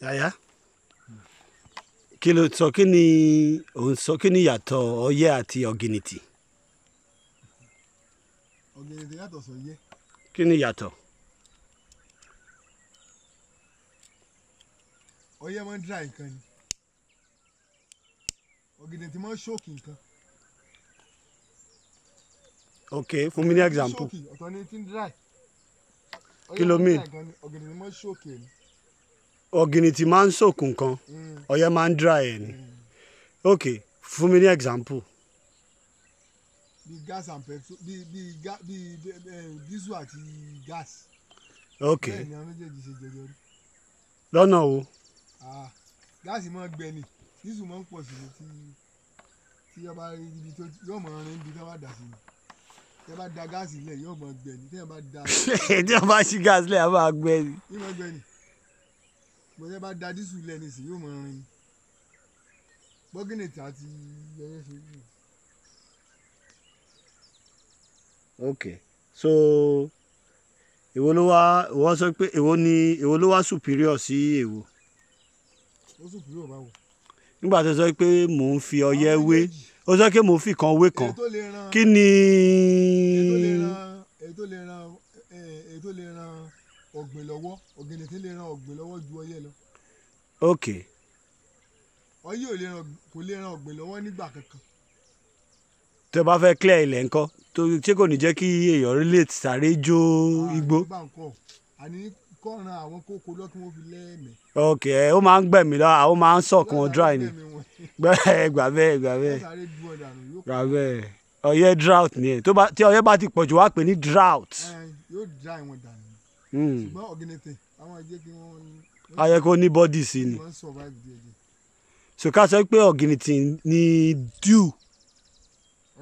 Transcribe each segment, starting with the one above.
yàyà kí ló sọ kí ni òun sọ kí ni ìyàtọ̀ ọyẹ́ àti ọ̀gìnìtì. ọ̀gìnìtì yàtọ̀ sọ̀yẹ́. kí ni ìyàtọ̀. ọyẹ́ máa ń dra nǹkan ni ọ̀gìnìtì máa ń ṣókì nǹkan. ok fún mi ní example. ọ̀tọ̀ ni ti ń dra. kí ló mean. ọ̀gìnìtì máa ń ṣókì ni ọ̀gìnì tí máa ń sòkùn kan mm. ọ̀yẹ́ máa ń dry ẹ̀ ni mm. ok fún mi ní example. bí gas and petrol bí bí bí eh, diesel àti gas. ok bẹ́ẹ̀ ni àwọn méjèèjì ṣe jẹjọ rí. lọ́nà wo. gáàsì máa ń gbẹ ni diesel máa ń pọ̀ sí i tí tí ọba ibi tó yóò máa rin ibi tó bá dà sí i tẹ bá da gáàsì lẹ yóò máa gbẹ ni tẹ bá da. tí wọn bá ṣí gáàsì lẹ a máa gbẹ ni. yóò máa gbẹ ni bọ́jẹ́ bá da dísù lẹ́ni sí yóò máa rin bọ́gìnìtì àti yẹyẹ ṣe wù. ok so èwo ló wá ìwọ sọ pé èwo ni èwo ló wá superior sí èwo. ó superior báwo. nígbà tó sọ pé mò ń fi ọyẹ wé ó sọ pé mò ń fi kan wé kan kí ni. èyí tó lè ran èyí tó lè ran èyí tó lè ran ọ̀gbìn lọ́wọ́ ọ̀gẹ̀dẹ̀ tí lè ran ọ̀gbìn lọ́wọ́ ju ọyẹ́ lọ. ok. ọyẹ́ ò lè ran kò lè ran ọ̀gbìn lọ́wọ́ nígbà kankan. tẹ bá fẹ́ clear ilẹ̀ ńkọ́ tó ṣé kò ní jẹ́ kí èèyàn relate sáré jó ah, igbó. àgbà ńkọ́ àní kọ́ ran àwọn kókó lọ kí wọ́n fi lẹ́ẹ̀mẹ́. ok ẹ ó máa ń gbẹ̀mí lọ àwọn máa ń sọ̀kan dry ni gbà bẹ́ẹ̀ gbà bẹ́ẹ̀ gbà bẹ́ẹ̀ ọyẹ́ drought ni ẹ tí ọyẹ́ bá ti pọ̀jù wá pè ní drought. yóò dry wọn dànù. Hmm. ṣùgbọ́n ọ̀gẹ̀nẹ̀tẹ̀ àwọn jẹ́ kí wọ́n. ayẹ kó ní bọ́dì sí ni so ká sọ pé ọ̀gẹ̀nẹ̀tẹ̀ ni dew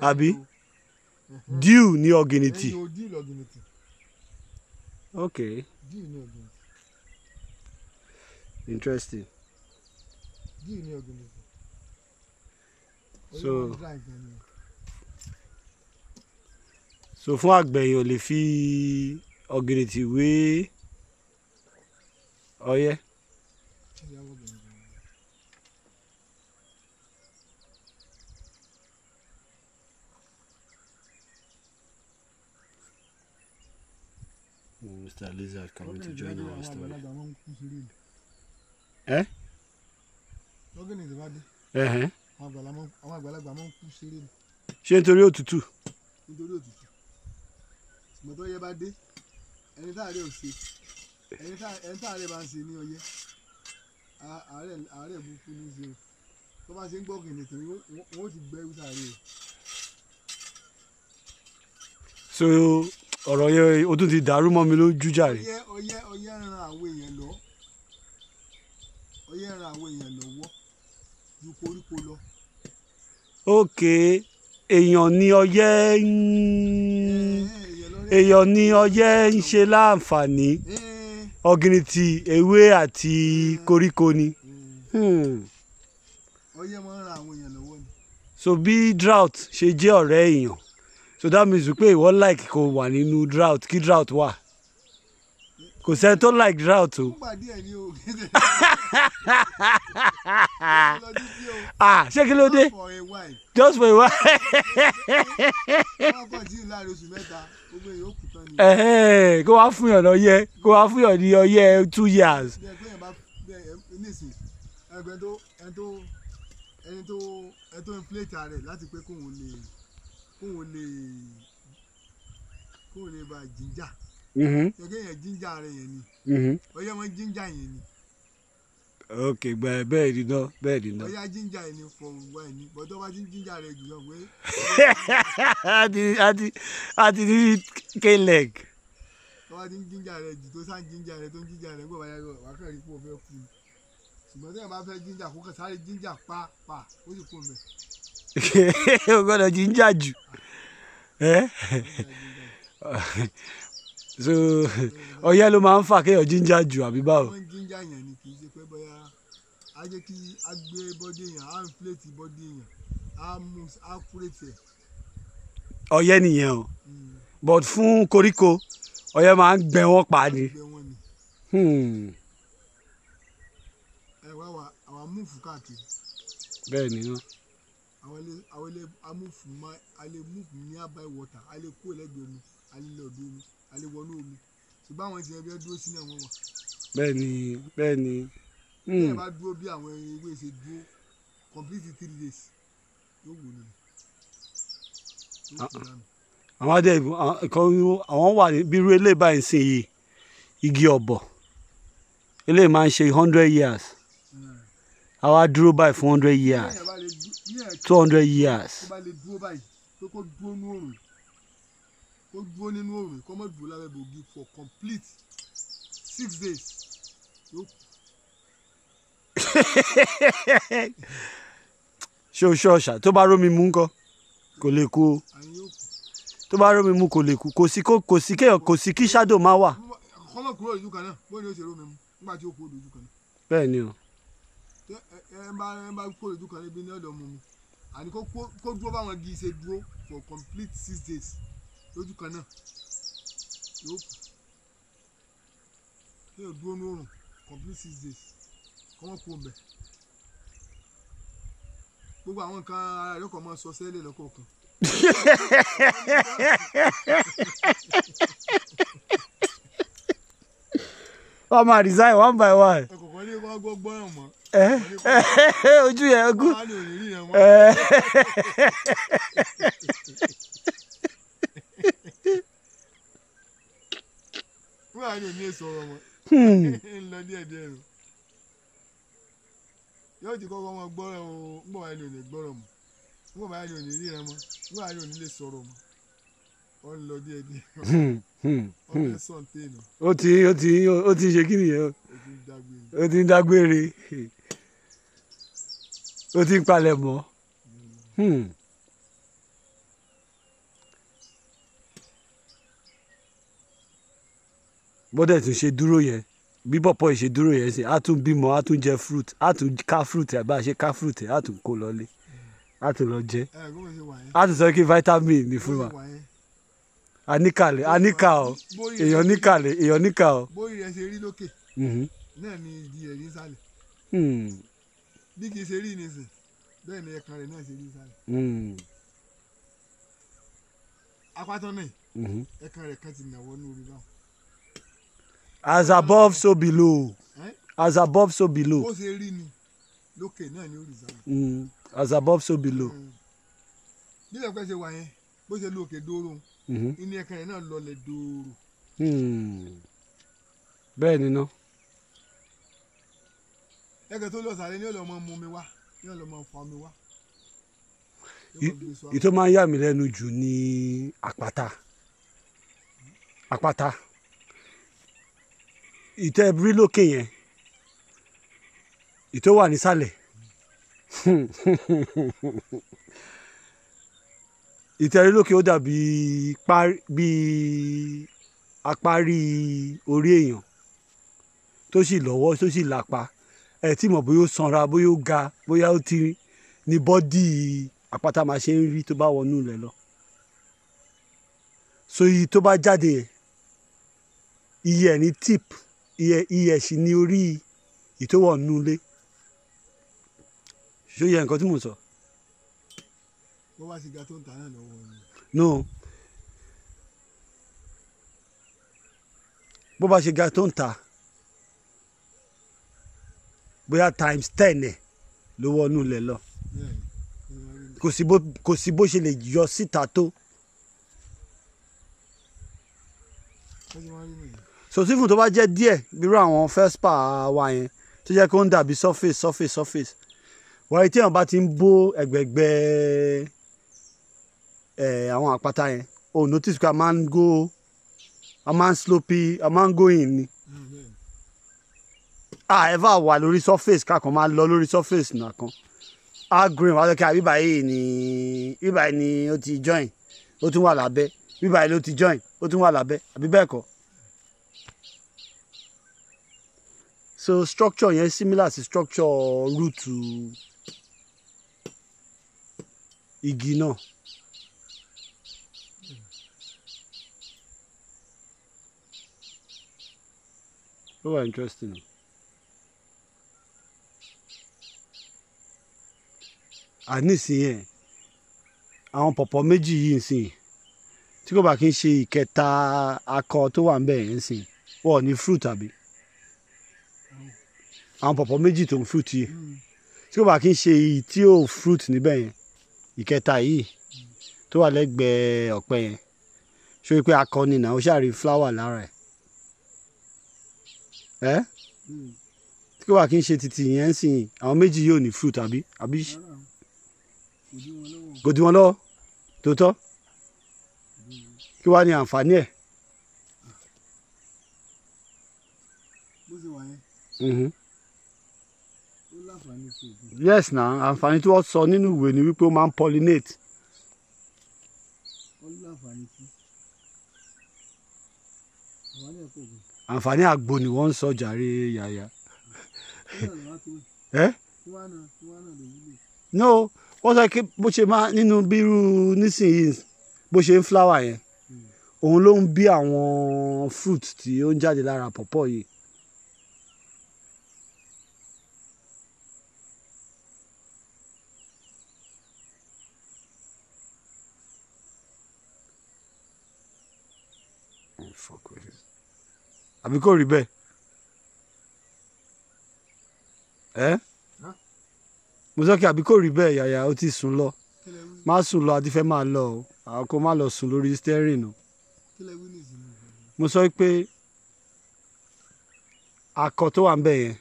àbí dew ni ọ̀gẹ̀nẹ̀tẹ̀ ok interesting so so fún àgbẹ̀ yìí ò lè fi ọgiriti wee ọyẹ Mr. Lizard coming to join our story. Eh? Lọ́gìn ní ìdìbàdì. Àwọn àgbàlagbà máa ń kú sí rí. Ṣé nítorí òtútù? Nítorí òtútù. Mọ̀tọ́ yẹ bá dé ẹni tá ò ṣe ẹni tá bá ń ṣe ní ọyẹ́ àárẹ̀ burúkú ní ṣe o tó bá ṣe ń gbọ́ kìnìún tó wọ́n ti gbẹ́ irúta rẹ̀. so ọ̀rọ̀ yẹn o tún ti dàrú mọ́ mi lójú jàre. ọyẹ́ ọyẹ́ ọyẹ́ ran àwọn èèyàn lọ ọyẹ́ ran àwọn èèyàn lọ́wọ́ ju koríko lọ. ok èèyàn ni ọyẹ́ ń èèyàn ni ọyẹ́ ń ṣe láǹfààní hmm. ọ̀gìnìtì ewé àti hmm. koríko ni. Hmm. ọyẹ́ máa ń ra àwọn èèyàn lọ́wọ́ ni. so bí drought ṣe jẹ́ ọ̀rẹ́ èèyàn so that means pé ìwọ like kò wà nínú drought kí drought wà kò sẹ́ni tó like drought o. ah ṣé kí ló dé just for a while. kó wá fún yàn lọ́yẹ kó wá fún yàn ní ọyẹ two years. ẹni tó ok gba ẹ bẹ́ẹ̀ ni náà bẹ́ẹ̀ ni náà. bóyá jíjà ẹ ní fọ òwúwa ẹ ní bọ́dọ̀ bá ti ń jíjà rẹ jù lọ pé. àti àti àti ní k-leg. bọ́dọ̀ bá ti ń jíjà rẹ jù tó sá ń jíjà rẹ tó ń jíjà rẹ gbọ́ báyà wà á kẹ́rì kó o fẹ́ kú ṣùgbọ́n tí ẹ bá fẹ́ jíjà kó kàn sáré jíjà pa pa ó sì kó mẹ́. o gbọ́dọ̀ jíjà jù. Ah. so ọyẹ́ ló máa ń fà kéèyàn jíjà jù àbí báwo. wọ́n jíjà yẹn ni kì í ṣe pé bóyá á jẹ́ kí á gbé bọ́dí èèyàn á inflate bọ́dí èèyàn á mú á kúrètè. ọyẹ́ nìyẹn o hmm. but fún koríko ọyẹ́ máa ń gbẹ wọ́n pa ni. Hmm. ẹ wá wa àwa múùfù káàkiri. bẹ́ẹ̀ ni wọ́n. àwọn ilé àwọn ilé amúùfù máa a lè múùfù ní àbáyé wọ́tà a lè kó ẹlẹ́gbẹ̀ẹ́ mu a lọ́ọ́ dúró mu a lè wọnú omi ṣùgbọ́n àwọn ìṣẹ̀lẹ̀ bí ẹ hmm. dúró sí náà wọ́n wà. adé àwọn wà bí irú eléyìí báyìí ń ṣe yìí igi ọ̀bọ̀ eléyìí máa ń ṣe hundred years àwa hmm. dúró báyìí fún hundred years two hundred years kó dúró nínú òrùn kó má dúró lábẹ́ bògì for complete six days yóò kù. ṣé o ṣe ọ̀ṣà tó bá rómi mú ńkọ́ kò lè kú o tó bá rómi mú kò lè kú kò sí kò sí kéèyàn kò sí kí shadow máa wà. kọ́mọ̀ kúrò lójú kan náà bóyá o ṣe rómi mú nígbà tí o kú lójú kan náà. bẹ́ẹ̀ ni o. ẹ ẹ bá ẹ bá kú lójú kan níbi ní ọ̀dọ̀ mu mu àní kó dúró báwọn igi ṣe dúró for complete six days lójú kan náà yóò kù kéèyàn dúró ní oòrùn complete six days kọ́mọ́ kú ọ̀bẹ gbogbo àwọn nǹkan ara rẹ̀ kọ́ máa sọ sẹ́lẹ̀ lọ́kọ̀ọ̀kan. wọ́n máa resign one by one. ọkọ̀ọ̀kan ní wọ́n gbọ́ gbọ́ràn mọ́. ojú yẹn ogún. wúrà ni ò èso ọ̀rọ̀ wọn hmm. ń lọ díẹ̀ díẹ̀ o yóò ti kọ́kọ́ wọn gbọ́rọ̀ o ń bọ̀ ni ò gbọ́rọ̀ mọ́ ń bọ̀ ni ò ní ríran mọ́ ń bọ̀ ni ò lè sọ̀rọ̀ mọ́ ó ń lọ díẹ̀ díẹ̀ hmm, hmm, ó ń sọ̀ǹtẹ̀ nù. ó ti ó ti ṣe kí nìyẹn ó ti ń dágbére ó ti ń palẹ̀ mọ́. bọ́dẹ̀ tún ṣe dúró yẹn bí pọ̀pọ̀ yìí ṣe dúró yẹn sí a tún bímọ a tún jẹ fruit a tún ká fruit ẹ̀ bá a ṣe ká fruit ẹ̀ a tún kó lọlé a tún lọ jẹ a tún sọ kí vitamin ni fún wa aníkàlẹ̀ aníkà ọ èèyàn níkàlẹ̀ èèyàn níkà ọ. bóyì rẹ ṣe rí lókè mm-hmm. náà ni ìdí rẹ ní sálẹ̀ hmm. bí kì í ṣe rí ní sìn bẹ́ẹ̀ ni ẹ̀ka rẹ̀ náà ṣe ní sálẹ̀ hmm. apátọ́ náà mm-hmm. ẹ̀ka rẹ̀ kan ti nàwọ́ ní orí báwọn as above so below as above so below. bó mm. as above so below. Mm. bí ẹ̀kọ́ ṣe wà yẹn bó ṣe lókè dóró mm-hmm. inú ẹ̀ka yẹn náà lọlẹ̀ dòrò. Mm. bẹ́ẹ̀ ni ná. ẹ̀kẹ́ tó lọ sàlẹ̀ ni ó lọ mọ mú mi wá ni lọ mọ fọ mi wá. ìtọ́ máa ń yà mí lẹ́nu jù ní àpáta àpáta ìtẹ́ rí lókè yẹn ìtó wà nísàlẹ̀ ìtẹ́ rí lókè ó dàbí bí apárí orí èèyàn tó sì lọ́wọ́ tó sì lápá ẹ tí mọ̀ bóyá ó sanra bóyá ó ga bóyá ó ti ní bọ́dì àpáta máa ṣe ń rí tó bá wọnú ilẹ̀ lọ so iye tó bá jáde yẹn iye ẹ̀ ní tip iyẹ̀ sì ni orí ìtòwọ̀ nínú ilé ṣó yẹ nǹkan tí mò ń sọ. bó bá ti ga tó ń ta náà lọ́wọ́ ni. no bó bá ṣe ga tó ń ta bóyá times ten ẹ̀ ló wọnú ilẹ̀ lọ kò sí bó ṣe lè yọ síta tó so sífù tó bá jẹ́ díẹ̀ bírú àwọn part, wa yẹn tó jẹ́ kó ń dàbí surface surface surface wọ́n tí èèyàn bá ti ń bó ẹ̀gbẹ̀gbẹ́ ẹ̀ àwọn àpáta yẹn o notice pé a máa ń go a máa ń slope a máa ń go in ni a ẹ̀fà wà lórí surface kakàn máa lọ lórí surface nàkan a green wà lókè bíbá yìí ni bíbá yìí ni ó ti join ó tún wà lábẹ́ bíbá yìí ló ti join ó tún wà lábẹ́ àbí bẹ́ẹ̀ kọ́. so structure yẹn similar to structure root igi náà. ó wà interesting. ànísìnyẹn àwọn pọ̀pọ̀ méjì yìí nsìn tí kò bá kí n ṣe ìkẹta akọ tó wà ń bẹ̀ yẹn nsìn wọ́n ò ní fruit àbí àwọn pọ̀pọ̀ méjì tó ń fruit yìí tí kò bá kí n ṣe èyí tí ò fruit níbẹ̀ yẹn ìkẹta yìí tó wà lẹ́gbẹ̀ẹ́ ọ̀pẹ yẹn ṣó pé akọni náà ó ṣàrí flower lára ẹ̀ ẹ́ tí kò bá kí n ṣe títì yẹn sìn àwọn méjì yóò ní fruit àbí àbí Godi dí wọn lọ́wọ́ tó tọ́ kí wàá ní àǹfààní ẹ̀. Mm-hmm yes na àǹfààní tí wọ́n sọ nínú ìwé ni wípé ó máa ń pollinate. àǹfààní àgbo ni wọ́n ń sọ jàre yàyà. Eh? no wọ́n sọ pé bó ṣe máa nínú bírú nísìnyìí bó ṣe ń flower yẹn hmm. òun ló ń bí àwọn fruit tí ó ń jáde lára pọ̀pọ̀ yìí àbí kò rí bẹ́ẹ̀ ẹ́ mo sọ kí àbí kò rí bẹ́ẹ̀ yàyà ó ti sùn lọ má sùn lọ àti fẹ́ máa lọ o àwọn kò má lọ sùn lórí stẹ́rìn o mo sọ pé akọ tó wà ń bẹ̀ yẹn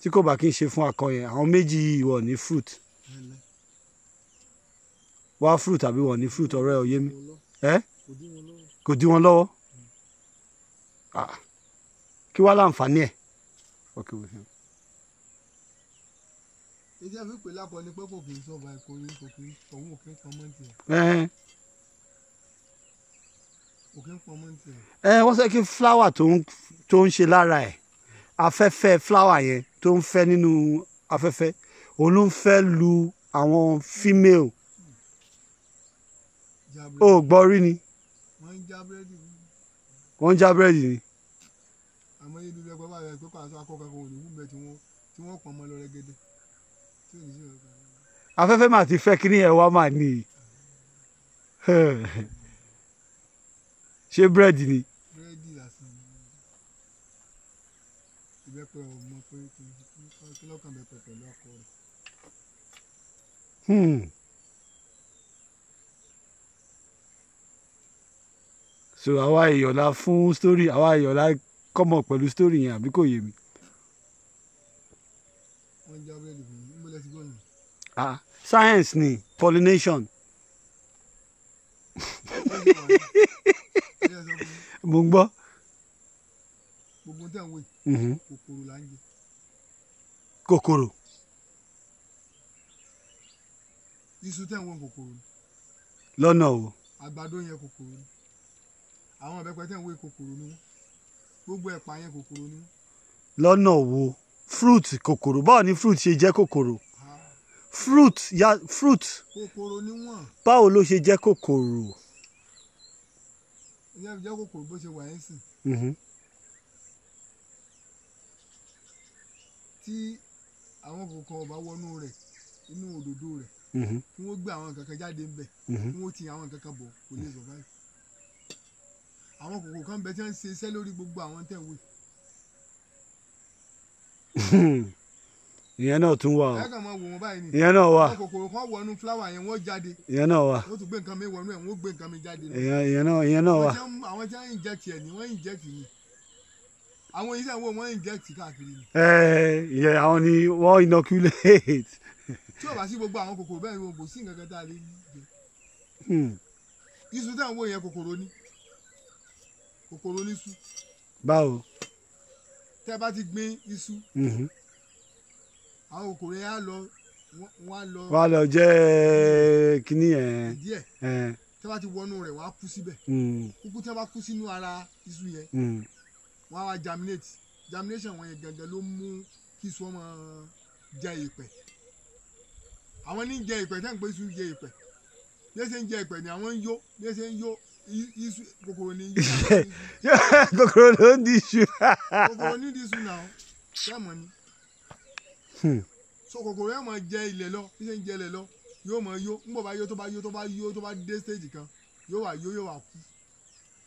tí kò bá kí n ṣe fún akọ yẹn àwọn méjì wọ̀ ní fruit wá fruit àbí wọ̀ ní fruit ọ̀rẹ́ òye mi ẹ́ kò dí wọn lọ́wọ́. Hmm. Ah kí wàá láǹfààní ẹ̀. ìjẹ́ fi pè lápọ̀ ni pé kò kì í sọ̀bà ẹ̀kọ́ yìí kò kì í ọ̀hún òkè pamọ́ ní tiẹ̀. òkè pamọ́ ní tiẹ̀. ẹ wọ́n sọ kí fúláwà tó ń ṣe lára ẹ̀ afẹ́fẹ́ fúláwà yẹn tó ń fẹ́ nínú afẹ́fẹ́ òun ló ń fẹ́ lu àwọn fímẹ́lì ó gbọ́ rí ni wọ́n ń já búrẹ́dì ni rẹ̀ pé pàṣẹ akọ́kọ́ kan ò ní wúbẹ̀ tí wọ́n tí wọ́n pọ̀n mọ́ lọ rẹ́gẹ́dẹ́ tí ò ní sí ọ̀gá. afẹ́fẹ́ mà ti fẹ́ kí ni ẹ̀ wá mà ní i ṣé búrẹ́dì ni. búrẹ́dì lásán ìbẹ́pẹ ò mọ pé kí lọ́kàn bẹ̀pẹ̀ pẹ̀lú ọkọ rẹ̀. Hmm. so àwa ìyọ̀lá fún story àwa ìyọ̀lá kọ́mọ pẹ̀lú sítórì yẹn àbí kò yé mi. wọ́n mi mọ́lẹ́ ti gbọ́ ni. ah science ni pollination. mo ń gbọ́. gbogbo tẹ̀ ń wé mhm. kòkòrò là ń jẹ. kòkòrò. iṣu tẹ̀ ń wé kòkòrò. lọ́nà o. àgbàdo yẹn kòkòrò ni àwọn ọ̀bẹ pẹ́ tẹ̀ kòkòrò ni wọ́n gbogbo ẹ̀pà yẹn kòkòrò ni. lọ́nà wo fruit kòkòrò báwo ni fruit ṣe jẹ́ kòkòrò fruit ya fruit kòkòrò ni wọ́n. báwo ló ṣe jẹ́ kòkòrò. ìyá mi jẹ́ kòkòrò bó ṣe wà ẹ́ sìn. Mm-hmm. tí àwọn kòkòrò ọba wọnú rẹ̀ inú òdòdó rẹ̀ mm-hmm. tí wọ́n gbé àwọn kankan jáde ńbẹ̀ mm-hmm. tí wọ́n ti àwọn kankan bọ̀ kò lè survive àwọn kòkò kan bẹ tí wọ́n ń ṣe iṣẹ́ lórí gbogbo àwọn tẹ̀ wò. ìyẹn náà tún wà o ìyẹn náà wà kòkòrò kan wọnú fúláwà yẹn wọ́n jáde ìyẹn náà wà wọ́n tún gbé nǹkan mi wọnú ẹ̀ wọ́n gbé nǹkan mi jáde. ìyẹn náà ìyẹn náà wà àwọn tí wọ́n ń inject ẹ̀ ni wọ́n ń inject yìí àwọn yìí sẹ́wọ́n wọ́n ń inject káàkiri. ẹ ẹ àwọn ni wọ́n inoculate. tí o bá sí gbogbo àwọn kòkòrò bẹ́ẹ̀ ni o kò sí nǹkan kan tá a lè gbé. Hmm. iṣu táwọn wo yẹn kòkòrò ni kòkòrò oníṣu. báwo. tẹ́ bá ti gbin iṣu. Mhm. àwọn kòkòrò yẹn á lọ wọ́n á lọ. wọ́n á lọ jẹ́ kínní yẹn. díẹ̀ tẹ́ bá ti wọnú rẹ̀ wọ́n á kú síbẹ̀. Mm. kúkú tẹ́ bá kú sínú ara iṣu yẹn. Mm. wọ́n á wá germinate germination wọn yẹn gangan ló mú kí iṣu ọmọ jẹ ìpẹ́ àwọn ní jẹ ìpẹ́ tẹ́ ń pè iṣu jẹ ìpẹ́ bí ẹ ṣe ń jẹ ìpẹ́ ni àwọn ń yó bí ẹ ṣe ń yó kòkòrò ní iṣu. kòkòrò ló ń di iṣu. kòkòrò ní di iṣu náà yà mọ̀ ni. Hmm. so kòkòrò yà mọ̀ jẹ ilẹ̀ lọ bí ṣe ń jẹ ilẹ̀ lọ yóò mọ̀ yó ń bọ̀ bá yó tó bá yó tó bá yó tó bá dé stage kan yóò wà yó yóò wà kú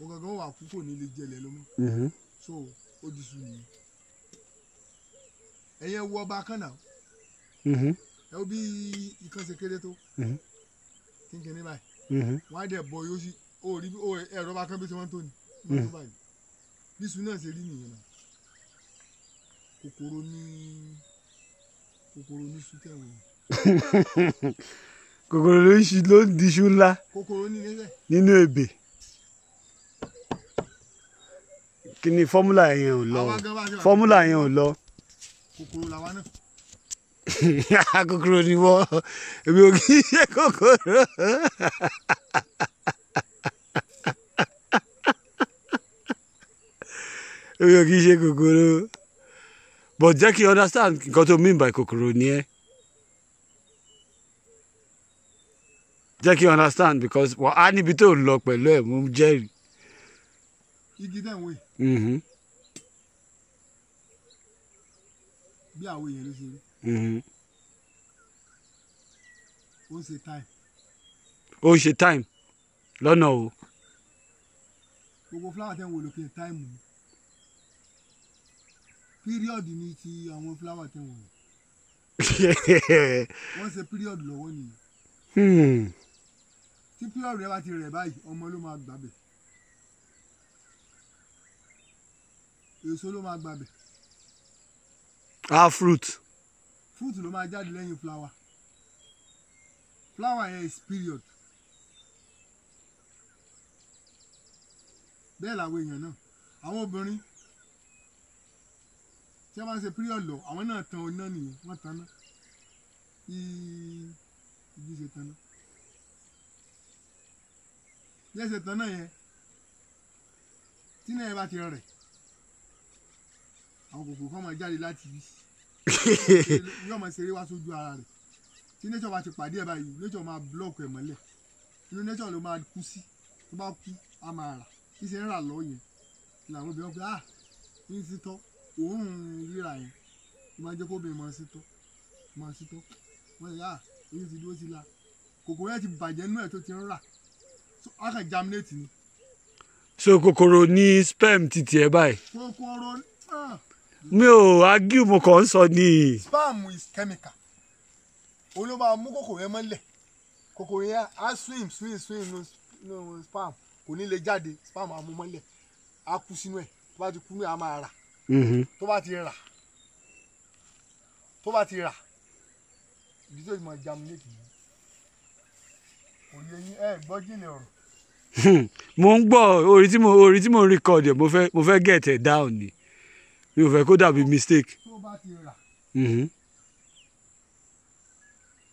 ògàngán wà kú kò ní lè jẹ ilẹ̀ lọ mọ́. Mm-hmm. so ó di iṣu nìyí. ẹ̀yẹ wọ ọba kan náà mm-hmm. ẹ bí ìkànsẹ̀ kéré tó mm-hmm. kínkínní báyìí wọ́n á dẹ̀ bọ yóò sì o rí o ẹ̀rọ bá kán bí ṣe wọ́n tó ni mọ́tò báyìí bí sùn náà ṣe rí nìyẹn náà kòkòrò ní kòkòrò ní sùn tẹ̀wé. kòkòrò ló ń ṣu ló ń di iṣu ńlá nínú ebè kí ni fọ́múlà yẹn ò lọ fọ́múlà yẹn ò lọ. kòkòrò làwa náà kòkòrò ni wọ́n èmi ò kí í ṣe kòkòrò. èmi kì í ṣe kòkòrò but jẹ́ kí understand nǹkan tó mean by kòkòrò ni ẹ́ jẹ́ kí understand because wà á níbi tó ń lọ pẹ̀lú ẹ̀ mo jẹ́rìí. igi dẹ̀ ń wé. Mm-hmm. bí àwọn èèyàn ló ṣe rí. Mm-hmm. ó ń ṣe time. ó ń ṣe time lọ́nà o. gbogbo fúláwà tẹ̀ ń wò lókè táìmù ni period ni ti àwọn flower tẹ̀ wọ̀nyí wọ́n ṣe period lọ́wọ́ nìyẹn hmm. tí period rẹ bá ti rẹ̀ báyìí ọmọ ló máa gbàbẹ̀ èso ló máa gbàbẹ̀. ah fruit. fruit ló máa jáde lẹ́yìn flower flower yẹn is period bẹ́ẹ̀ làwọn èèyàn náà àwọn obìnrin tí wọ́n bá ń ṣe píríọ̀ lọ àwọn náà tan oná nìyẹn wọ́n tan ná bí igi ṣe tan ná bí ẹ ṣe tan náà yẹn tí náà yẹn bá ti rẹ̀ àwọn kòkòrò kan máa jáde láti ibi yóò máa ṣeré wá sójú ara rẹ̀ tí nature bá ti pàdé ẹ̀ báyìí nature máa block ẹ̀ mọ́lẹ̀ inú nature ló máa kú sí tó bá kú a máa rà kí ṣe ń rà lọ làwọn obìnrin pé ah ní ti tọ́ òórùn rírà yẹn ó máa ń jẹ́ kó bẹ̀rẹ̀ máa sí tó máa sí tó wọ́n ṣe yá oyún ti dúró ti la kòkòrò yẹn ti bàjẹ́ nú ẹ̀ tó ti ń rà á kàn germinate ni. so kòkòrò ní sperm ti tiẹ̀ báyìí. kòkòrò ah! mi ò argue mo kàn ń sọ ni. sperm is chemical òun ló máa mú kòkòrò yẹn mọ́lẹ̀ kòkòrò yẹn á swim swim swim no, no sperm kò ní lè jáde sperm á mú mọ́lẹ̀ á kú sínú ẹ̀ tó bá ti kú ní àmà ara Mm-hmm. tó bá ti rà tó bá ti rà ibi tó ti mọ jamuléètì yìí kò yẹ yín ẹ gbọ́ jìnnà ọ̀rọ̀. Hmm. mo ń gbọ́ orí tí mo orí tí mo ń rìkọ̀dì mo fẹ́ mo fẹ́ get it down ni mi ò fẹ́ kó dàbí mistake. tó bá ti rà mm-hmm.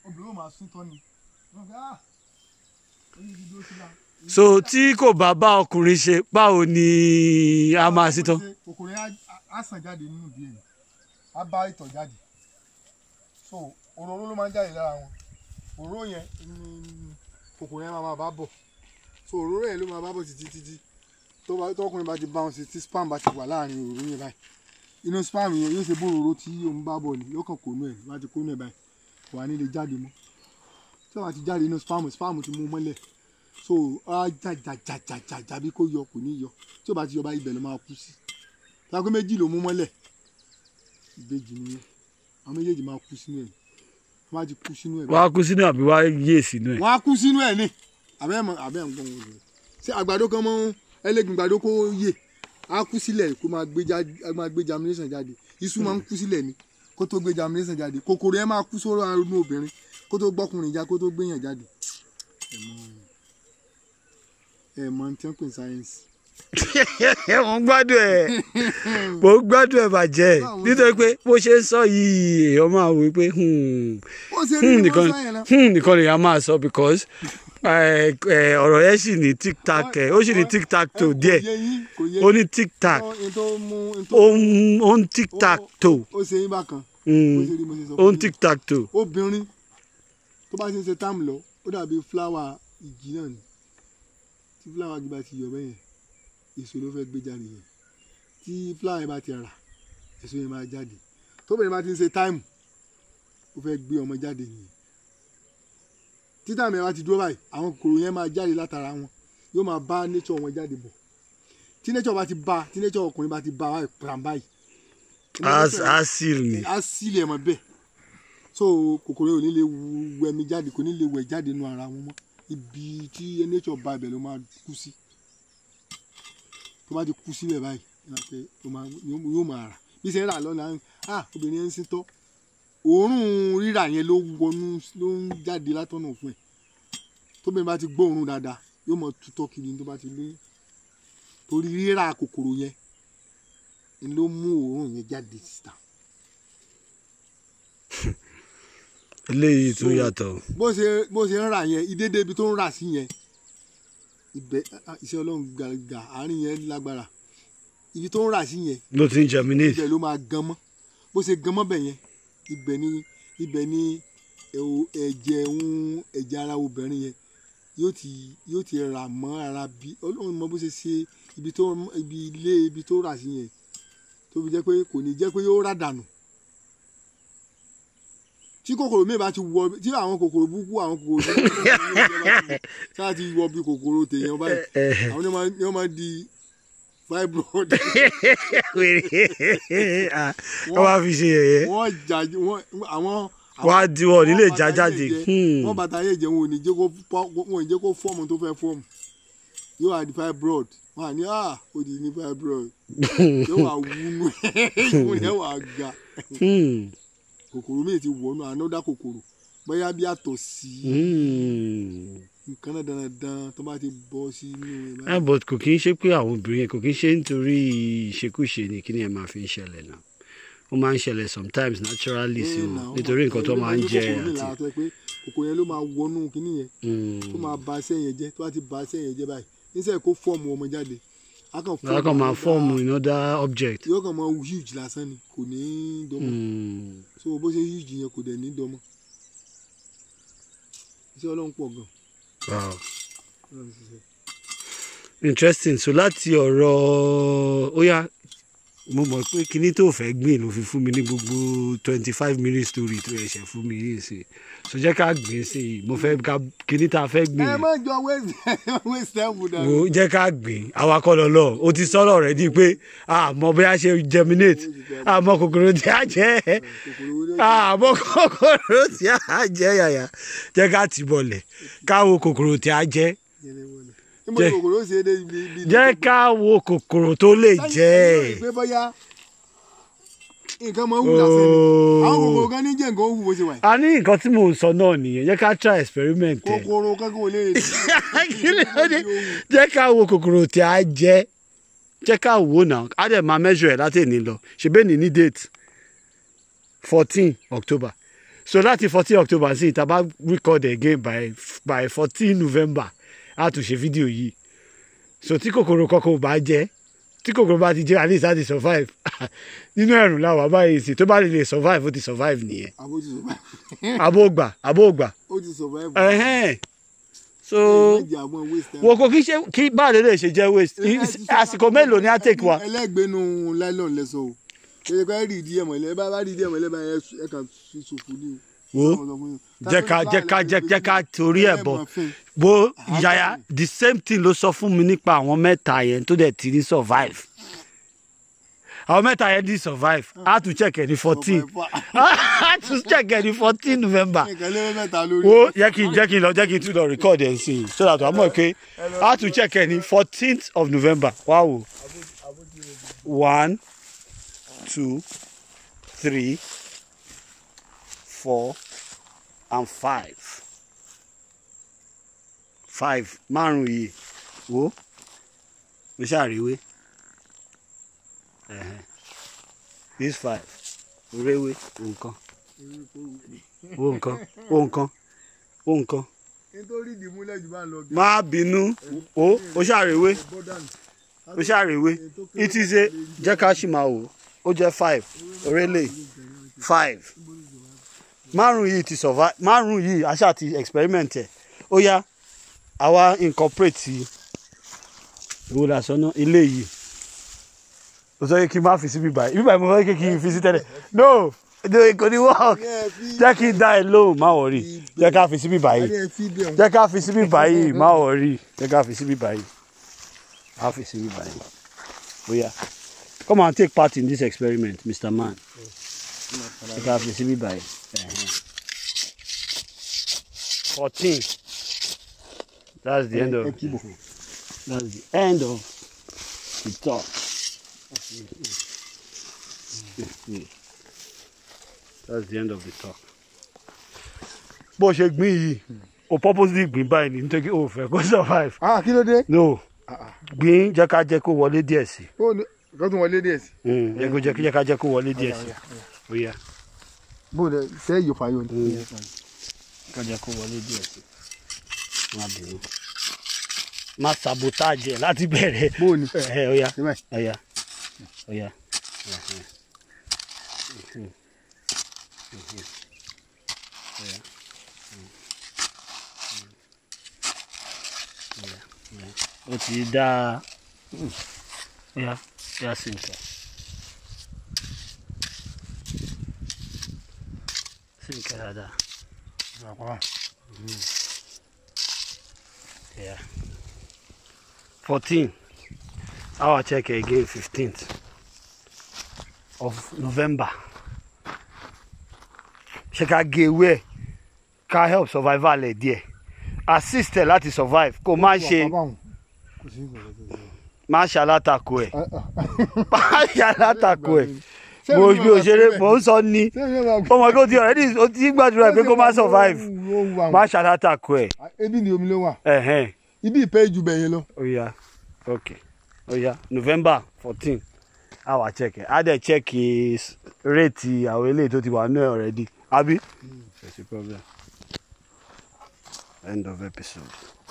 obìnrin ò máa sún tán ni wọ́n fẹ́ ah, ti rà so tí kò bá bá ọkùnrin ṣe báwo ni a máa sí tán á sàn jáde nínú ìdí èyí á bá ìtọ̀ jáde so òróró ló máa ń jáde lára wọn òróró yẹn ni kòkòrò yẹn máa bá bọ̀ so òróró yẹn ló máa bá bọ̀ títí títí tọkùnrin bá ti bá wọn sí tí spam bá ti wà láàrin òróró yẹn báyìí inú spam yẹn yóò ṣe bóróró tí òun bá bọ̀ ni yóò kàn kónú ẹ̀ bá ti kónú ẹ̀ báyìí wà nílé jáde mọ́ tí wọ́n ti jáde inú spam spam ti mú mọ́lẹ̀ so á jàjàjàjàjà bí kò yọ kò ní yọ tí ó bá ti yọ bá ibẹ̀ ló máa kú sí láago méjì ló mú mọ́lẹ̀ ìbejì ni àwọn méjèèjì máa kú sínú ẹ̀ wọ́n á ti kú sínú ẹ̀. wọ́n á kú sínú àbí wọ́n á yé sínú ẹ̀. wọ́n á kú sínú ẹ̀ ni àbẹ́ mọ àbẹ́ ń gbọ́n wọn lọ ṣé àgbàdo kan mọ́ ẹlẹ́gbìn àgbàdo kó yè á kú sílẹ̀ kó máa gbé germination jáde iṣu máa ń kú sílẹ̀ ni kó tó gbé germination jáde kòkòrò ẹ máa kú sóró arúgbó obìnrin kó tó gbọ́kùnrin já kó tó gbéyàn jáde ẹ̀ mọ́ ẹ̀ mọ́ ní tí sáyẹ́nsì. mo ń gbádùn ẹ mo ń gbádùn ẹ bàjẹ́ nítorí pé bó ṣe ń sọ yìí èèyàn máa wí pé hmm, hmm, nìkan hmm, nìkan lèèyàn máa sọ because eh, eh, ọ̀rọ̀ yẹn sì ní tic-tac ẹ̀ ó sì ní tic-tac tó díẹ̀ ó ní tic-tac ó ń tic-tac tó ó ń tic-tac tó. obìnrin tó bá ti ń ṣe táàmù lọ ó dàbí fúláwà ìjì náà ni tí fúláwà gbígbà ti yọ bẹ́yẹn èso ló fẹ́ gbé jáde yẹn tí flower yẹn bá ti rà èso yẹn máa jáde tóbìnrin bá ti ń ṣe táìmù ó fẹ́ gbé ọmọ jáde yẹn títà mi bá ti dúró báyìí àwọn kòkòrò yẹn máa jáde látara wọn yóò máa bá nature wọn jáde bọ̀ tí nature bá ti bá tí nature ọkùnrin bá ti bá báyìí pram báyìí. asil ni asil ẹ̀ mọ̀ bẹ́ẹ̀ so kòkòrò yẹn ò ní lè wù ẹ̀mí jáde kò ní lè wẹ̀ jáde nù ara wọn mọ́ ibi tí nature bá ibẹ̀ ló máa kú sí tó bá ti kú sílẹ̀ báyìí yóò máa rà bí sẹ́ rà lọ́nà à obìnrin yẹn ń sin tọ́ òórùn rírà yẹn ló wọnú ló ń jáde látọ̀nà òfin ẹ̀ tóbìnrin bá ti gbóòórùn dáadáa yóò mọ tutọ́ kiri tó bá ti lóyún torí rírà kòkòrò yẹn ló mú òórùn yẹn jáde síta. eléyìí tún yàtọ̀. bó ṣe ń rà yẹn ìdédé ibi tó ń rà sí yẹn ibẹ̀ iṣẹ́ ọlọ́run gàgà àárín yẹn lágbára ibi tó ń rà sí yẹn ló ti ń germinate ibẹ̀ ló máa gan mọ́ bó ṣe gan mọ́ bẹ̀ yẹn ibẹ̀ ni ibẹ̀ ni ẹ̀jẹ̀ ń ẹ̀jẹ̀ ara obìnrin yẹn yóò ti yóò ti rà mọ́ ara bí ọlọ́run mọ bó ṣe ṣe ibi tó ibi ilé ibi tó rà sí yẹn tó fi jẹ́ pé kò ní jẹ́ pé yóò rà dànù tí kòkòrò mi bá ti wọ tí àwọn kòkòrò burúkú àwọn kòkòrò tó ń bá ti wọ bí kòkòrò tèèyàn báyìí àwọn ni wọ́n máa di fibroid. Ah, wọ́n wá fi ṣe yẹ̀yẹ́. wọ́n jà àwọn. wọ́n á diwọ̀ nílé jájáde. Hmm. wọ́n bàtà ayé jẹ́ wọn ò ní jẹ́ kó fọ́ọ̀mù tó fẹ́ fọ́ọ̀mù yóò wá di fibroid wọn à ní à ah, ó ní fibroid yóò wá wúnú yóò wá ga. Hmm kòkòrò míì ti wọnú ànádá kòkòrò bóyá bí àtọ̀ sí hmm. nǹkan náà dandan tó bá ti bọ́ sí inú ẹ̀. ẹ bọ̀ kò kí ń ṣe pé àwọn obìnrin yẹn kò kí ń ṣe nítorí ìṣekúṣe ni kí ni ẹ máa fi ń ṣẹlẹ̀ náà ó máa ń ṣẹlẹ̀ sometimes naturally sí o nítorí nǹkan tó máa ń jẹ àti. kòkòrò yẹn ló máa wọnú kínní yẹn hmm. tó máa ba iṣẹ́ yẹn jẹ́ tó bá ti ba iṣẹ́ yẹn jẹ́ báyìí níṣẹ́ kó fọ́ọ̀mù ọmọ jáde a kàn máa form another object. yóò kàn máa huge lásán ni kò ní í dọmọ hmm. so bó ṣe huge yẹn kò dẹ̀ ní dọmọ iṣẹ́ ọlọ́run pọ̀ gan. interesting so láti ọ̀rọ̀ ó yá mo mọ̀ pé kinní tó fẹ́ gbìn ló fi fún mi ní gbogbo twenty five minutes story tó ẹ̀ṣẹ̀ fún mi yìí sí so jẹ́ ká gbìn sí i mo fẹ́ ká kinní tá a fẹ́ gbìn. ẹ má jọ waste time dànù. wo jẹ́ ká gbìn awakọ̀ lọ́lọ́ o ti sọ̀rọ̀ rẹ̀ di pé àmọ́ bí a ṣe germinate àmọ́ kòkòrò tí a jẹ́ àmọ́ kòkòrò tí a jẹ́ yàyà jẹ́ ká tì bọ̀lẹ̀ ká kòkòrò tí a jẹ́ jẹ́ ká wo kòkòrò tó lè jẹ́ ẹ̀. nǹkan mọ̀ ń wù lásán ni àwọn kòkòrò kan ní jẹ́ nǹkan ó wù bó a ní nǹkan tí mò ń sọ náà nìyẹn jẹ́ ká try experiment ẹ̀. kòkòrò ká wo kòkòrò tí a jẹ́ jẹ́ ká wò náà á dẹ̀ máa measure ẹ̀ láti èní lọ ṣèbẹ́ ní ní date fourteen October so láti fourteen October sí ìta bá record again by by fourteen November a tún ṣe fídíò yìí so tí kòkòrò kankan ò bá jẹ tí kòkòrò bá ti jẹ at least a ti survive nínú ẹ̀rùn làwọn abáyé sí tó bá lè lè survive ó ti survive nìyẹn abóògbà abóògbà ẹhẹn so wo ko kí ṣe kí báàlè lè ṣe jẹ waste àsìkò mélòó ni a take wa. ẹlẹgbẹnu nylon lẹsọ o ṣe é rí ìdí ẹmọ ilẹ bá rí ìdí ẹmọ ilẹ bá ẹ kàn fi ṣòfò ní o wo jẹ́ ká jẹ́ ká jẹ́ jẹ́ ká torí ẹ̀ bọ̀ wo yàyà the same thing ló sọ fún mi nípa àwọn mẹ́ta yẹn tó dẹ̀ ti ní survive àwọn mẹ́ta yẹn ní survive ah. a tún check ẹ̀ ní fourteen a tún check ẹ̀ ní fourteen november wo jẹ́ kí n jẹ́ kí n lọ jẹ́ kí n tún lọ record ẹ̀ sí i so that wàá mọ̀ pé a tún check ẹ̀ ní fourteenth of november wá wò one two three four and five five márùn yìí wo mo ṣàríwé this five oréwé nǹkan wo nǹkan wo nǹkan wo nǹkan má bínú o o ṣàríwé o ṣàríwé it is a jẹ́ ká ṣì máa wò ó jẹ́ five orélè five márùn yìí ti survive márùn yìí aṣá ti experiment ẹ̀ ó yá àwa incorporate ìwò làṣọ náà ilé yìí o sọ pé kí n má fi sí bíbá yìí bíbá mo sọ pé kí n fi sí tẹ́lẹ̀ no kò ní work jẹ́ kí n dá ẹ lóhùn má wọ̀rí jẹ́ ká fi sí bíbá yìí jẹ́ ká fi sí bíbá yìí má wọ̀rí jẹ́ ká fi sí bíbá má fi sí bíbá ó yá come and take part in this experiment Mr. Man. Yes ìka fi síbí báyìí fourteen that's the end of that's the end of the talk. That's the end of the talk. bó ṣe gbìn yìí o purposely gbìn báyìí ni nítorí o fẹ́ kó survive. ah kí ló dé. no gbìn jẹ́ ká jẹ́ kó wọlé díẹ̀ sí. ó ní kó tún wọlé díẹ̀ sí. ẹ kó jẹ́ ká jẹ́ kó wọlé díẹ̀ sí. Oh yeah. But say you for you. Kaja ko wọlé díẹ̀ sí. Má bínú. Má sabotage ẹ̀ láti bẹ̀rẹ̀. Bó ni? Ẹ ọ̀ya. Ọ̀ya. Ọ̀ya. Ó ti dáa. Ọ̀ya. Ọ̀ya sí nǹkan. Slinka rada. Ako. Mm. Yeah. 14. I'll check again 15th of November. Check ká gé can help survival ẹ̀ díẹ̀. Assist ẹ̀ to survive kó má ṣe má ṣe alátakò ẹ̀ ah, ah. má ṣe alátakò ẹ̀ mo bí o ṣeré mo ń sọ ni ọmọ kò ti ọ̀rẹ́dì o ti gbàdúrà pé kó má survive má ṣàtàtà kọ ẹ̀. ebi ni omi ló wà ibi ìpẹ́ ju bẹ̀yẹn lọ. oya ok oya november fourteen a wà check ẹ a dẹ̀ check rate àwọn eléyìí tó ti wà náà already abi. Mm. problem. End of episode.